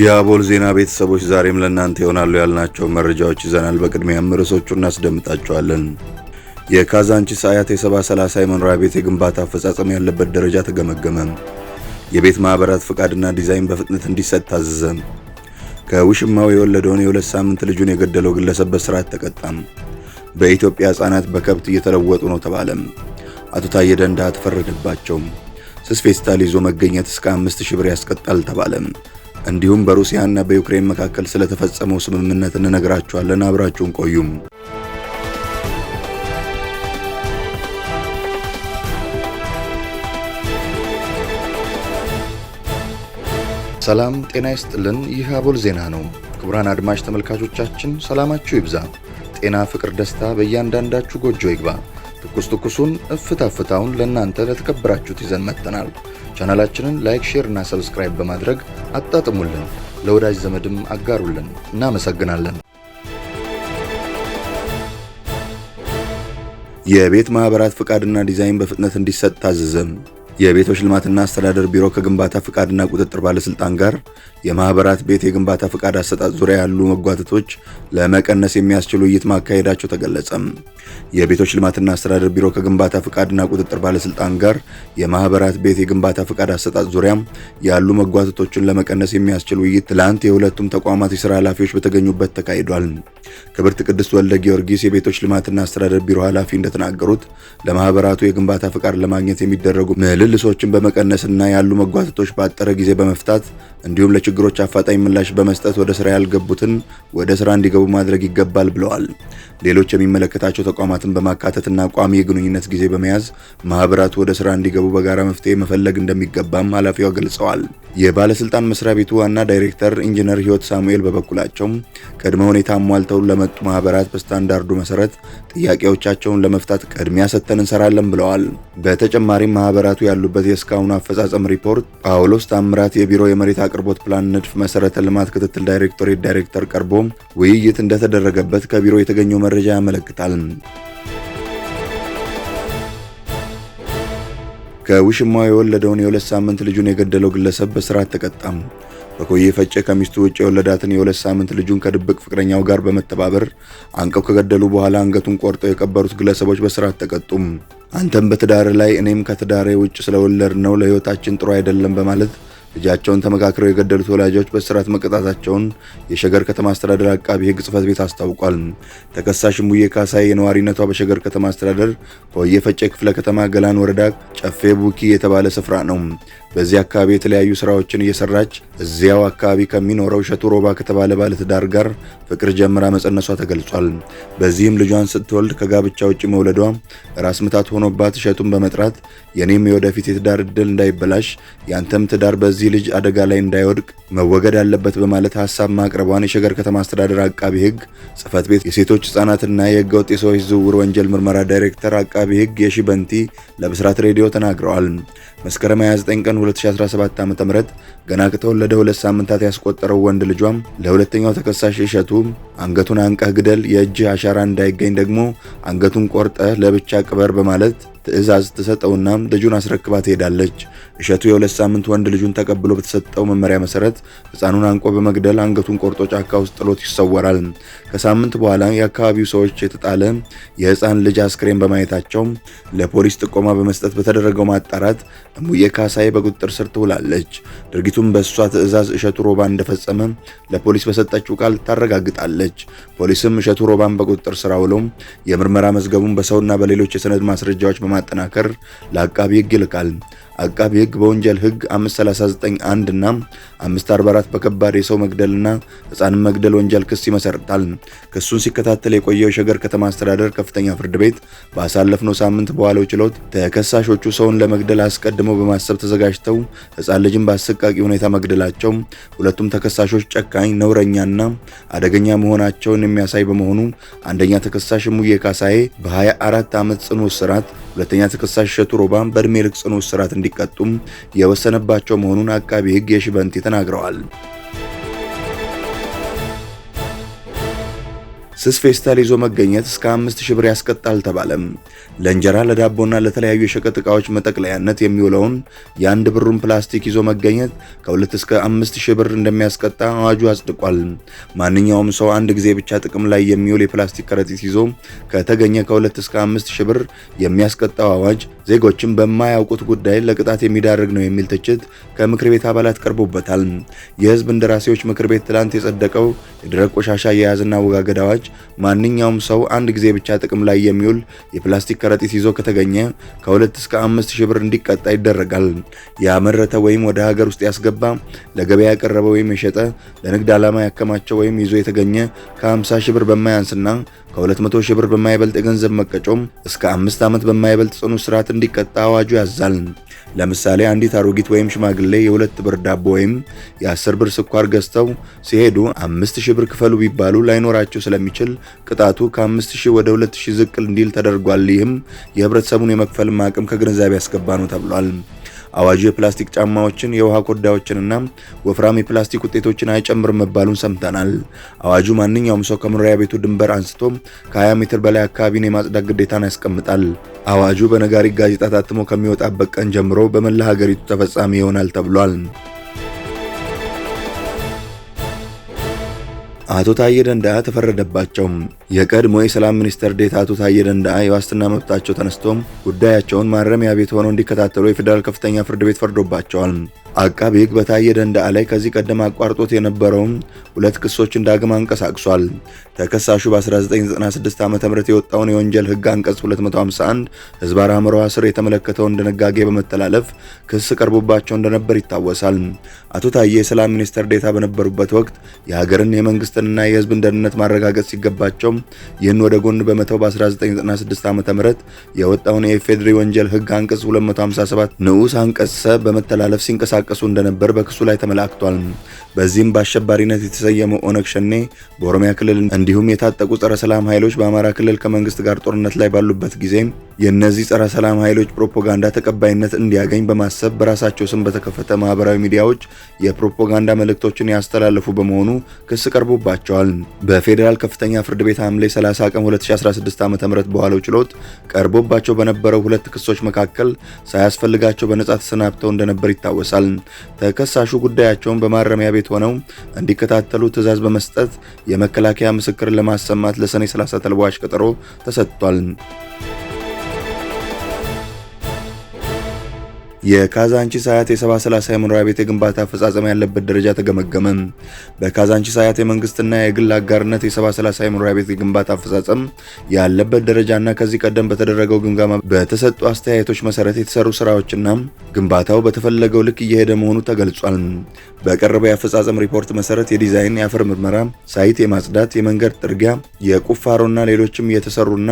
የአቦል ዜና ቤተሰቦች ዛሬም ለእናንተ ይሆናሉ ያልናቸው መረጃዎች ይዘናል። በቅድሚያም ርዕሶቹ እናስደምጣቸዋለን። የካዛንቺስ አያት የ 70 የመኖሪያ ቤት የግንባታ አፈጻጸም ያለበት ደረጃ ተገመገመ። የቤት ማኅበራት ፍቃድና ዲዛይን በፍጥነት እንዲሰጥ ታዘዘ። ከውሽማው የወለደውን የሁለት ሳምንት ልጁን የገደለው ግለሰብ በስርዓት ተቀጣም። በኢትዮጵያ ሕፃናት በከብት እየተለወጡ ነው ተባለም። አቶ ታዬ ደንደዓ ተፈረደባቸው። ስስ ፌስታል ይዞ መገኘት እስከ 5000 ብር ያስቀጣል ተባለም። እንዲሁም በሩሲያና በዩክሬን መካከል ስለተፈጸመው ስምምነት እንነግራችኋለን። አብራችሁን ቆዩም። ሰላም ጤና ይስጥልን። ይህ አቦል ዜና ነው። ክቡራን አድማጭ ተመልካቾቻችን ሰላማችሁ ይብዛ፣ ጤና፣ ፍቅር፣ ደስታ በእያንዳንዳችሁ ጎጆ ይግባ። ትኩስ ትኩሱን እፍታ ፍታውን ለእናንተ ለተከበራችሁት ይዘን መጥተናል። ቻናላችንን ላይክ፣ ሼር እና ሰብስክራይብ በማድረግ አጣጥሙልን፣ ለወዳጅ ዘመድም አጋሩልን። እናመሰግናለን። የቤት ማህበራት ፍቃድና ዲዛይን በፍጥነት እንዲሰጥ ታዘዘም የቤቶች ልማትና አስተዳደር ቢሮ ከግንባታ ፍቃድና ቁጥጥር ባለስልጣን ጋር የማህበራት ቤት የግንባታ ፍቃድ አሰጣጥ ዙሪያ ያሉ መጓተቶች ለመቀነስ የሚያስችል ውይይት ማካሄዳቸው ተገለጸም። የቤቶች ልማትና አስተዳደር ቢሮ ከግንባታ ፍቃድና ቁጥጥር ባለስልጣን ጋር የማህበራት ቤት የግንባታ ፍቃድ አሰጣጥ ዙሪያ ያሉ መጓተቶችን ለመቀነስ የሚያስችል ውይይት ትላንት የሁለቱም ተቋማት የስራ ኃላፊዎች በተገኙበት ተካሂዷል። ክብርት ቅድስት ወልደ ጊዮርጊስ የቤቶች ልማትና አስተዳደር ቢሮ ኃላፊ እንደተናገሩት ለማህበራቱ የግንባታ ፍቃድ ለማግኘት የሚደረጉ ምልል ምልልሶችን በመቀነስና ያሉ መጓተቶች ባጠረ ጊዜ በመፍታት እንዲሁም ለችግሮች አፋጣኝ ምላሽ በመስጠት ወደ ስራ ያልገቡትን ወደ ስራ እንዲገቡ ማድረግ ይገባል ብለዋል። ሌሎች የሚመለከታቸው ተቋማትን በማካተትና ቋሚ የግንኙነት ጊዜ በመያዝ ማህበራቱ ወደ ስራ እንዲገቡ በጋራ መፍትሄ መፈለግ እንደሚገባም ኃላፊዋ ገልጸዋል። የባለስልጣን መስሪያ ቤቱ ዋና ዳይሬክተር ኢንጂነር ህይወት ሳሙኤል በበኩላቸው ቅድመ ሁኔታ አሟልተው ለመጡ ማህበራት በስታንዳርዱ መሰረት ጥያቄዎቻቸውን ለመፍታት ቅድሚያ ሰጥተን እንሰራለን ብለዋል። በተጨማሪም ማህበራቱ ያሉበት የእስካሁኑ አፈጻጸም ሪፖርት ጳውሎስ ታምራት የቢሮ የመሬት አቅርቦት ፕላን ንድፍ መሰረተ ልማት ክትትል ዳይሬክቶሬት ዳይሬክተር ቀርቦ ውይይት እንደተደረገበት ከቢሮ የተገኘው መረጃ ያመለክታል። ከውሽማው የወለደውን የሁለት ሳምንት ልጁን የገደለው ግለሰብ በስርዓት ተቀጣም። በኮዬ ፈጨ ከሚስቱ ውጭ የወለዳትን የሁለት ሳምንት ልጁን ከድብቅ ፍቅረኛው ጋር በመተባበር አንቀው ከገደሉ በኋላ አንገቱን ቆርጠው የቀበሩት ግለሰቦች በስርዓት ተቀጡም። አንተም በትዳር ላይ እኔም ከትዳሬ ውጭ ስለወለድ ነው ለሕይወታችን ጥሩ አይደለም በማለት ልጃቸውን ተመካክረው የገደሉት ወላጆች በእስራት መቀጣታቸውን የሸገር ከተማ አስተዳደር አቃቢ ሕግ ጽሕፈት ቤት አስታውቋል። ተከሳሽ ሙዬ ካሳይ የነዋሪነቷ በሸገር ከተማ አስተዳደር ከወየፈጨ ክፍለ ከተማ ገላን ወረዳ ጨፌ ቡኪ የተባለ ስፍራ ነው። በዚህ አካባቢ የተለያዩ ስራዎችን እየሰራች እዚያው አካባቢ ከሚኖረው እሸቱ ሮባ ከተባለ ባለትዳር ጋር ፍቅር ጀምራ መጸነሷ ተገልጿል። በዚህም ልጇን ስትወልድ ከጋብቻ ውጭ መውለዷ ራስ ምታት ሆኖባት እሸቱን በመጥራት የኔም የወደፊት የትዳር እድል እንዳይበላሽ፣ ያንተም ትዳር በዚህ ልጅ አደጋ ላይ እንዳይወድቅ መወገድ አለበት በማለት ሀሳብ ማቅረቧን የሸገር ከተማ አስተዳደር አቃቢ ህግ ጽህፈት ቤት የሴቶች ህጻናትና የህገ ወጥ የሰዎች ዝውውር ወንጀል ምርመራ ዳይሬክተር አቃቢ ህግ የሺ በንቲ ለብስራት ሬዲዮ ተናግረዋል። መስከረም 29 ቀን 2017 ዓ.ም ገና ከተወለደ ሁለት ሳምንታት ያስቆጠረው ወንድ ልጇም ለሁለተኛው ተከሳሽ እሸቱ አንገቱን አንቀህ ግደል፣ የእጅ አሻራ እንዳይገኝ ደግሞ አንገቱን ቆርጠህ ለብቻ ቅበር በማለት ትዕዛዝ ትሰጠውና ልጁን አስረክባ ትሄዳለች። እሸቱ የሁለት ሳምንት ወንድ ልጁን ተቀብሎ በተሰጠው መመሪያ መሰረት ህፃኑን አንቆ በመግደል አንገቱን ቆርጦ ጫካ ውስጥ ጥሎት ይሰወራል። ከሳምንት በኋላ የአካባቢው ሰዎች የተጣለ የህፃን ልጅ አስክሬን በማየታቸው ለፖሊስ ጥቆማ በመስጠት በተደረገው ማጣራት እሙዬ ካሳይ በቁጥጥር ስር ትውላለች። ድርጊቱም በእሷ ትዕዛዝ እሸቱ ሮባ እንደፈጸመ ለፖሊስ በሰጠችው ቃል ታረጋግጣለች። ፖሊስም እሸቱ ሮባን በቁጥጥር ስር አውሎ የምርመራ መዝገቡን በሰውና በሌሎች የሰነድ ማስረጃዎች በማጠናከር ለአቃቢ ሕግ ይልካል። አቃቢ ህግ በወንጀል ህግ 539 1 እና 544 በከባድ የሰው መግደልና ህፃን መግደል ወንጀል ክስ ይመሰርታል። ክሱን ሲከታተል የቆየው ሸገር ከተማ አስተዳደር ከፍተኛ ፍርድ ቤት ባሳለፍነው ሳምንት በዋለው ችሎት ተከሳሾቹ ሰውን ለመግደል አስቀድመው በማሰብ ተዘጋጅተው ህፃን ልጅን በአሰቃቂ ሁኔታ መግደላቸው ሁለቱም ተከሳሾች ጨካኝ፣ ነውረኛና አደገኛ መሆናቸውን የሚያሳይ በመሆኑ አንደኛ ተከሳሽ ሙዬ ካሳዬ በ24 ዓመት ጽኑ እስራት፣ ሁለተኛ ተከሳሽ ሸቱ ሮባ በእድሜ ልክ ጽኑ እስራት እንዲ እንዲቀጡም የወሰነባቸው መሆኑን አቃቢ ህግ የሽበንቲ ተናግረዋል። ስስ ፌስታል ይዞ መገኘት እስከ 5000 ብር ያስቀጣል ተባለም። ለእንጀራ ለዳቦና ለተለያዩ የሸቀጥ ዕቃዎች መጠቅለያነት የሚውለውን የአንድ ብሩን ፕላስቲክ ይዞ መገኘት ከ2 እስከ 5000 ብር እንደሚያስቀጣ አዋጁ አጽድቋል። ማንኛውም ሰው አንድ ጊዜ ብቻ ጥቅም ላይ የሚውል የፕላስቲክ ከረጢት ይዞ ከተገኘ ከ2 እስከ 5000 ብር የሚያስቀጣው አዋጅ ዜጎችን በማያውቁት ጉዳይ ለቅጣት የሚዳርግ ነው የሚል ትችት ከምክር ቤት አባላት ቀርቦበታል። የህዝብ እንደራሴዎች ምክር ቤት ትላንት የጸደቀው የደረቅ ቆሻሻ አያያዝና አወጋገድ አዋጅ ማንኛውም ሰው አንድ ጊዜ ብቻ ጥቅም ላይ የሚውል የፕላስቲክ ከረጢት ይዞ ከተገኘ ከሁለት እስከ አምስት ሺህ ብር እንዲቀጣ ይደረጋል። ያመረተ ወይም ወደ ሀገር ውስጥ ያስገባ፣ ለገበያ ያቀረበ ወይም የሸጠ፣ ለንግድ ዓላማ ያከማቸው ወይም ይዞ የተገኘ ከ50 ሺህ ብር በማያንስና ከ200 ሺህ ብር በማይበልጥ የገንዘብ መቀጮም እስከ አምስት ዓመት በማይበልጥ ጽኑ እስራት እንዲቀጣ አዋጁ ያዛል። ለምሳሌ አንዲት አሮጊት ወይም ሽማግሌ የሁለት ብር ዳቦ ወይም የአስር ብር ስኳር ገዝተው ሲሄዱ አምስት ሺህ ብር ክፈሉ ቢባሉ ላይኖራቸው ስለሚችል ቅጣቱ ከአምስት ሺህ ወደ ሁለት ሺህ ዝቅ እንዲል ተደርጓል። ይህም የህብረተሰቡን የመክፈልም አቅም ከግንዛቤ ያስገባ ነው ተብሏል። አዋጁ የፕላስቲክ ጫማዎችን፣ የውሃ ኮዳዎችንና ወፍራም የፕላስቲክ ውጤቶችን አይጨምርም መባሉን ሰምተናል። አዋጁ ማንኛውም ሰው ከመኖሪያ ቤቱ ድንበር አንስቶ ከ20 ሜትር በላይ አካባቢን የማጽዳት ግዴታን ያስቀምጣል። አዋጁ በነጋሪት ጋዜጣ ታትሞ ከሚወጣበት ቀን ጀምሮ በመላ ሀገሪቱ ተፈጻሚ ይሆናል ተብሏል። አቶ ታዬ ደንደዓ ተፈረደባቸው። የቀድሞ የሰላም ሚኒስትር ዴታ አቶ ታዬ ደንደአ የዋስትና መብታቸው ተነስቶም ጉዳያቸውን ማረሚያ ቤት ሆነው እንዲከታተሉ የፌዴራል ከፍተኛ ፍርድ ቤት ፈርዶባቸዋል። አቃቢ ሕግ በታዬ ደንደአ ላይ ከዚህ ቀደም አቋርጦት የነበረውን ሁለት ክሶችን ዳግም አንቀሳቅሷል። ተከሳሹ በ1996 ዓ ም የወጣውን የወንጀል ሕግ አንቀጽ 251 ህዝብ አምሮሃ ስር የተመለከተውን ድንጋጌ በመተላለፍ ክስ ቀርቦባቸው እንደነበር ይታወሳል። አቶ ታዬ የሰላም ሚኒስትር ዴታ በነበሩበት ወቅት የሀገርን የመንግስትንና የህዝብን ደህንነት ማረጋገጥ ሲገባቸው ይህን ወደ ጎን በመተው በ1996 ዓ ም የወጣውን የኢፌዴሪ ወንጀል ህግ አንቀጽ 257 ንዑስ አንቀጽ ሰ በመተላለፍ ሲንቀሳቀሱ እንደነበር በክሱ ላይ ተመላክቷል። በዚህም በአሸባሪነት የተሰየመው ኦነግ ሸኔ በኦሮሚያ ክልል እንዲሁም የታጠቁ ጸረ ሰላም ኃይሎች በአማራ ክልል ከመንግስት ጋር ጦርነት ላይ ባሉበት ጊዜ የእነዚህ ጸረ ሰላም ኃይሎች ፕሮፓጋንዳ ተቀባይነት እንዲያገኝ በማሰብ በራሳቸው ስም በተከፈተ ማህበራዊ ሚዲያዎች የፕሮፓጋንዳ መልእክቶችን ያስተላለፉ በመሆኑ ክስ ቀርቦባቸዋል። በፌዴራል ከፍተኛ ፍርድ ቤት ከሐምሌ 30 ቀን 2016 ዓ.ም በኋላው ችሎት ቀርቦባቸው በነበረው ሁለት ክሶች መካከል ሳያስፈልጋቸው በነጻ ተሰናብተው እንደነበር ይታወሳል። ተከሳሹ ጉዳያቸውን በማረሚያ ቤት ሆነው እንዲከታተሉ ትዕዛዝ በመስጠት የመከላከያ ምስክርን ለማሰማት ለሰኔ 30 ተልባሽ ቀጠሮ ተሰጥቷል። የካዛንቺስ አያት የ70/30 የመኖሪያ ቤት የግንባታ አፈጻጸም ያለበት ደረጃ ተገመገመ። በካዛንቺስ አያት የመንግስትና የግል አጋርነት የ70/30 የመኖሪያ ቤት የግንባታ አፈጻጸም ያለበት ደረጃና ከዚህ ቀደም በተደረገው ግምገማ በተሰጡ አስተያየቶች መሰረት የተሰሩ ስራዎችና ግንባታው በተፈለገው ልክ እየሄደ መሆኑ ተገልጿል። በቀረበው የአፈጻጸም ሪፖርት መሰረት የዲዛይን፣ የአፈር ምርመራ፣ ሳይት የማጽዳት፣ የመንገድ ጥርጊያ፣ የቁፋሮና ሌሎችም እየተሰሩና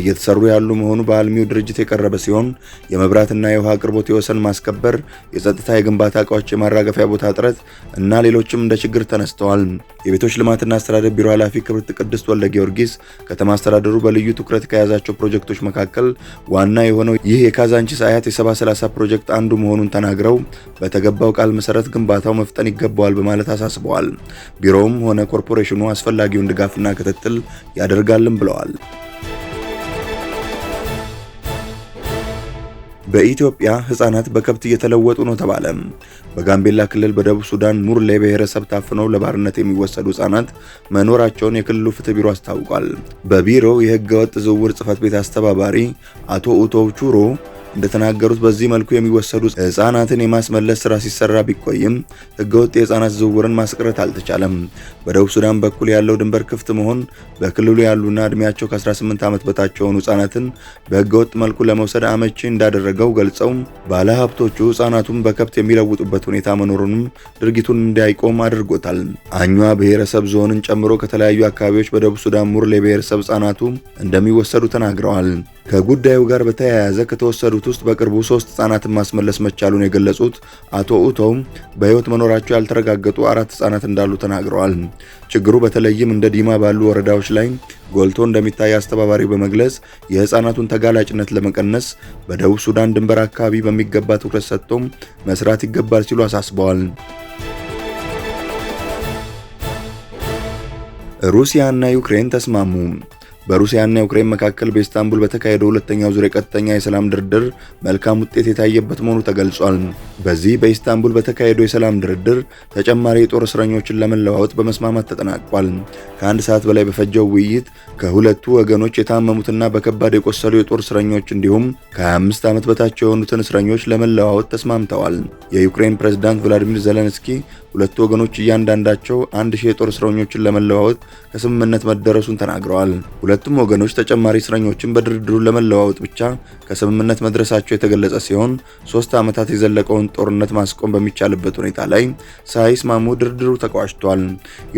እየተሰሩ ያሉ መሆኑ በአልሚው ድርጅት የቀረበ ሲሆን የመብራትና የውሃ አቅርቦት ወሰን ማስከበር፣ የጸጥታ የግንባታ እቃዎች የማራገፊያ ቦታ እጥረት እና ሌሎችም እንደ ችግር ተነስተዋል። የቤቶች ልማትና አስተዳደር ቢሮ ኃላፊ ክብርት ቅድስት ወልደ ጊዮርጊስ ከተማ አስተዳደሩ በልዩ ትኩረት ከያዛቸው ፕሮጀክቶች መካከል ዋና የሆነው ይህ የካዛንቺስ አያት የ 730 ፕሮጀክት አንዱ መሆኑን ተናግረው በተገባው ቃል መሰረት ግንባታው መፍጠን ይገባዋል በማለት አሳስበዋል። ቢሮውም ሆነ ኮርፖሬሽኑ አስፈላጊውን ድጋፍና ክትትል ያደርጋልም ብለዋል። በኢትዮጵያ ህጻናት በከብት እየተለወጡ ነው ተባለ። በጋምቤላ ክልል በደቡብ ሱዳን ሙርሌ ብሔረሰብ ታፍነው ለባርነት የሚወሰዱ ህጻናት መኖራቸውን የክልሉ ፍትህ ቢሮ አስታውቋል። በቢሮው የህገ ወጥ ዝውውር ጽህፈት ቤት አስተባባሪ አቶ ኡቶ ቹሮ እንደተናገሩት በዚህ መልኩ የሚወሰዱ ህጻናትን የማስመለስ ስራ ሲሰራ ቢቆይም ህገወጥ የህጻናት ዝውውርን ማስቀረት አልተቻለም። በደቡብ ሱዳን በኩል ያለው ድንበር ክፍት መሆን በክልሉ ያሉና እድሜያቸው ከ18 ዓመት በታች የሆኑ ህጻናትን በህገወጥ መልኩ ለመውሰድ አመቺ እንዳደረገው ገልጸው ባለሀብቶቹ ህጻናቱን በከብት የሚለውጡበት ሁኔታ መኖሩንም ድርጊቱን እንዳይቆም አድርጎታል። አኟ ብሔረሰብ ዞንን ጨምሮ ከተለያዩ አካባቢዎች በደቡብ ሱዳን ሙርሌ ብሔረሰብ ህጻናቱ እንደሚወሰዱ ተናግረዋል። ከጉዳዩ ጋር በተያያዘ ከተወሰዱት ውስጥ በቅርቡ ሶስት ህጻናትን ማስመለስ መቻሉን የገለጹት አቶ ኡቶም በህይወት መኖራቸው ያልተረጋገጡ አራት ህጻናት እንዳሉ ተናግረዋል። ችግሩ በተለይም እንደ ዲማ ባሉ ወረዳዎች ላይ ጎልቶ እንደሚታይ አስተባባሪ በመግለጽ የህፃናቱን ተጋላጭነት ለመቀነስ በደቡብ ሱዳን ድንበር አካባቢ በሚገባ ትኩረት ሰጥቶም መስራት ይገባል ሲሉ አሳስበዋል። ሩሲያ እና ዩክሬን ተስማሙ። በሩሲያና ዩክሬን መካከል በኢስታንቡል በተካሄደው ሁለተኛው ዙር የቀጥተኛ የሰላም ድርድር መልካም ውጤት የታየበት መሆኑ ተገልጿል። በዚህ በኢስታንቡል በተካሄደው የሰላም ድርድር ተጨማሪ የጦር እስረኞችን ለመለዋወጥ በመስማማት ተጠናቋል። ከአንድ ሰዓት በላይ በፈጀው ውይይት ከሁለቱ ወገኖች የታመሙትና በከባድ የቆሰሉ የጦር እስረኞች እንዲሁም ከ25 ዓመት በታቸው የሆኑትን እስረኞች ለመለዋወጥ ተስማምተዋል። የዩክሬን ፕሬዝዳንት ቮሎዲሚር ዘለንስኪ ሁለቱ ወገኖች እያንዳንዳቸው አንድ ሺህ የጦር እስረኞችን ለመለዋወጥ ከስምምነት መደረሱን ተናግረዋል። ሁለቱም ወገኖች ተጨማሪ እስረኞችን በድርድሩ ለመለዋወጥ ብቻ ከስምምነት መድረሳቸው የተገለጸ ሲሆን ሶስት ዓመታት የዘለቀውን ጦርነት ማስቆም በሚቻልበት ሁኔታ ላይ ሳይስማሙ ድርድሩ ተቋጭቷል።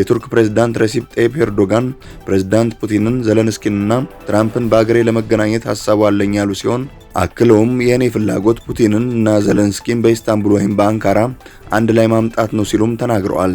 የቱርክ ፕሬዝዳንት ረሲፕ ጤይፕ ኤርዶጋን ፕሬዝዳንት ፑቲንን፣ ዘለንስኪንና ትራምፕን በአገሬ ለመገናኘት ሀሳቡ አለኝ ያሉ ሲሆን አክለውም የእኔ ፍላጎት ፑቲንን እና ዘለንስኪን በኢስታንቡል ወይም በአንካራ አንድ ላይ ማምጣት ነው ሲሉም ተናግረዋል።